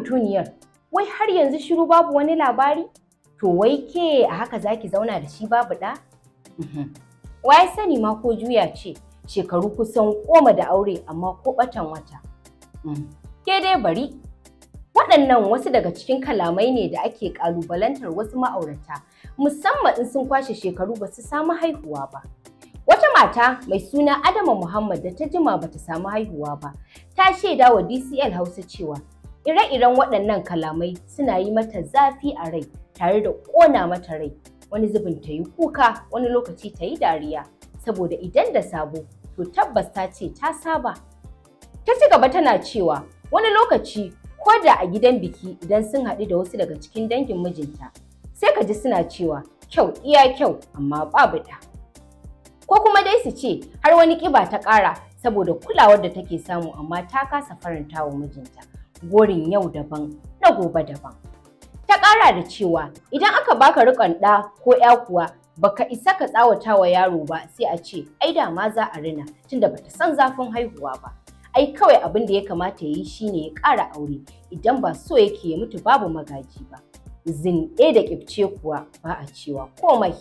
mutuniyar wai har yanzu shiru babu wani labari to wai ke a haka zaki zauna da shi babu ɗa mhm. wai sani ma ko juya ce shekaru kusan koma da aure amma ko batan wata mm. ke dai bari waɗannan wasu daga cikin kalamai ne da ake ƙalubalantar wasu ma'aurata musamman in sun kwashe shekaru ba su samu haihuwa ba wata mata mai suna adama muhammad da ta jima ba ta samu haihuwa ba ta shaida wa dcl hausa cewa Ire-iren waɗannan kalamai suna yi mata zafi a rai tare da ƙona mata rai. Wani zubin ta yi kuka, wani lokaci ta yi dariya, saboda idan da sabo, to tabbas ta ce ta saba. Ta ci gaba tana cewa wani lokaci ko da a gidan biki idan sun haɗu da wasu daga cikin dangin mijinta, sai ka ji suna cewa kyau iya kyau amma babu ɗa. Ko kuma dai su ce har wani ƙiba ta ƙara saboda kulawar da take samu amma ta kasa faranta wa mijinta. Gorin yau daban na gobe daban. Ta ƙara da cewa idan aka baka riƙon ɗa ko ‘ya kuwa baka isa ka tsawata wa yaro ba sai a ce ai da ma za a rina tunda bata san zafin haihuwa ba. Ai kawai abin da ya kamata ya yi shi ne ya ƙara aure idan ba so yake ya mutu babu magaji ba. Zinɗe da ƙibce kuwa ba a cewa komai.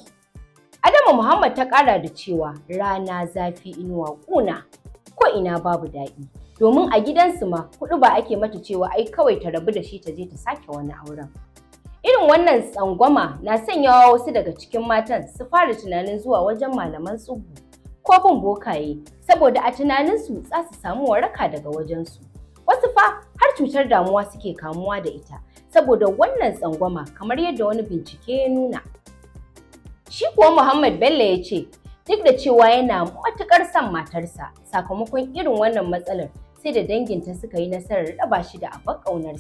Adama Muhammad ta ƙara da cewa rana zafi inuwa ƙuna ko ina babu daɗi. domin a gidansu ma kuɗi ba ake mata cewa ai kawai ta rabu da shi ta je ta sake wani auren. Irin wannan tsangwama na sanyawa wasu daga cikin matan su fara tunanin zuwa wajen malaman tsubu ko bin bokaye saboda a tunaninsu za su samu waraka daga wajensu. Wasu fa har cutar damuwa suke kamuwa da ita saboda wannan tsangwama kamar yadda wani bincike ya nuna. Shi kuwa Muhammad Bello ya ce duk da cewa yana matuƙar son matarsa sakamakon irin wannan matsalar sai da danginta suka yi nasarar raba shi da abin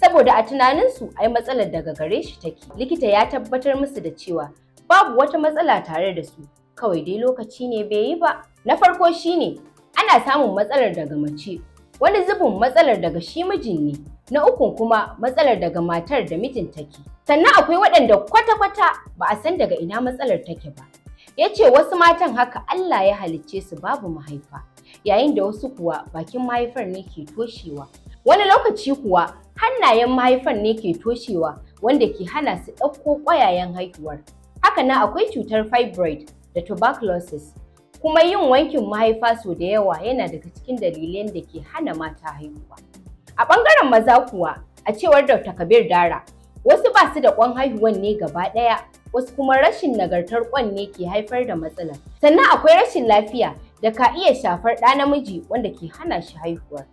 Saboda a tunaninsu ai matsalar daga gare shi take. Likita ya tabbatar musu da cewa babu wata matsala tare da su, kawai dai lokaci ne bai yi ba. Na farko shine ana samun matsalar daga mace, wani zubin matsalar daga shi mijin ne, na ukun kuma matsalar daga matar da mijin take. Sannan akwai waɗanda kwata-kwata ba a san daga ina matsalar take ba. Ya ce wasu matan haka Allah ya halicce su babu mahaifa. yayin da wasu kuwa bakin mahaifar ne ke toshewa. Wani lokaci kuwa hannayen mahaifar ne ke toshewa wanda ke hana su ɗauko ƙwayayen haihuwar. Haka nan akwai cutar fibroid da tuberculosis. Kuma yin wankin mahaifa sau da yawa yana daga cikin dalilan da ke hana mata haihuwa. A ɓangaren maza kuwa, a cewar Dr. Kabir Dara, wasu ba su da ƙwan haihuwan ne gaba ɗaya wasu kuma rashin nagartar ƙwan ne ke haifar da matsalar. Sannan akwai rashin lafiya da ka iya shafar ɗa namiji wanda ke hana shi haihuwa.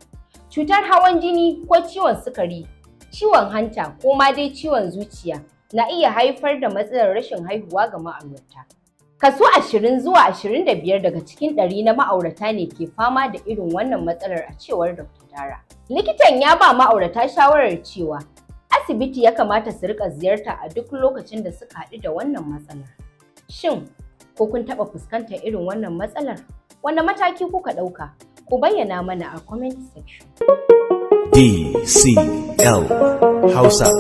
Cutar hawan jini ko ciwon sukari, ciwon hanta ko ma dai ciwon zuciya na iya haifar da matsalar rashin haihuwa ga ma'aurata. Kaso ashirin zuwa ashirin da biyar daga cikin ɗari na ma'aurata ne ke fama da irin wannan matsalar a cewar Dr. Dara. Likitan ya ba ma'aurata shawarar cewa asibiti ya kamata su rika ziyarta a duk lokacin da suka haɗu da wannan matsalar. Shin, ko kun taɓa fuskantar irin wannan matsalar? Wanda mataki kuka ɗauka? Ku bayyana mana a comment section. DCL Hausa.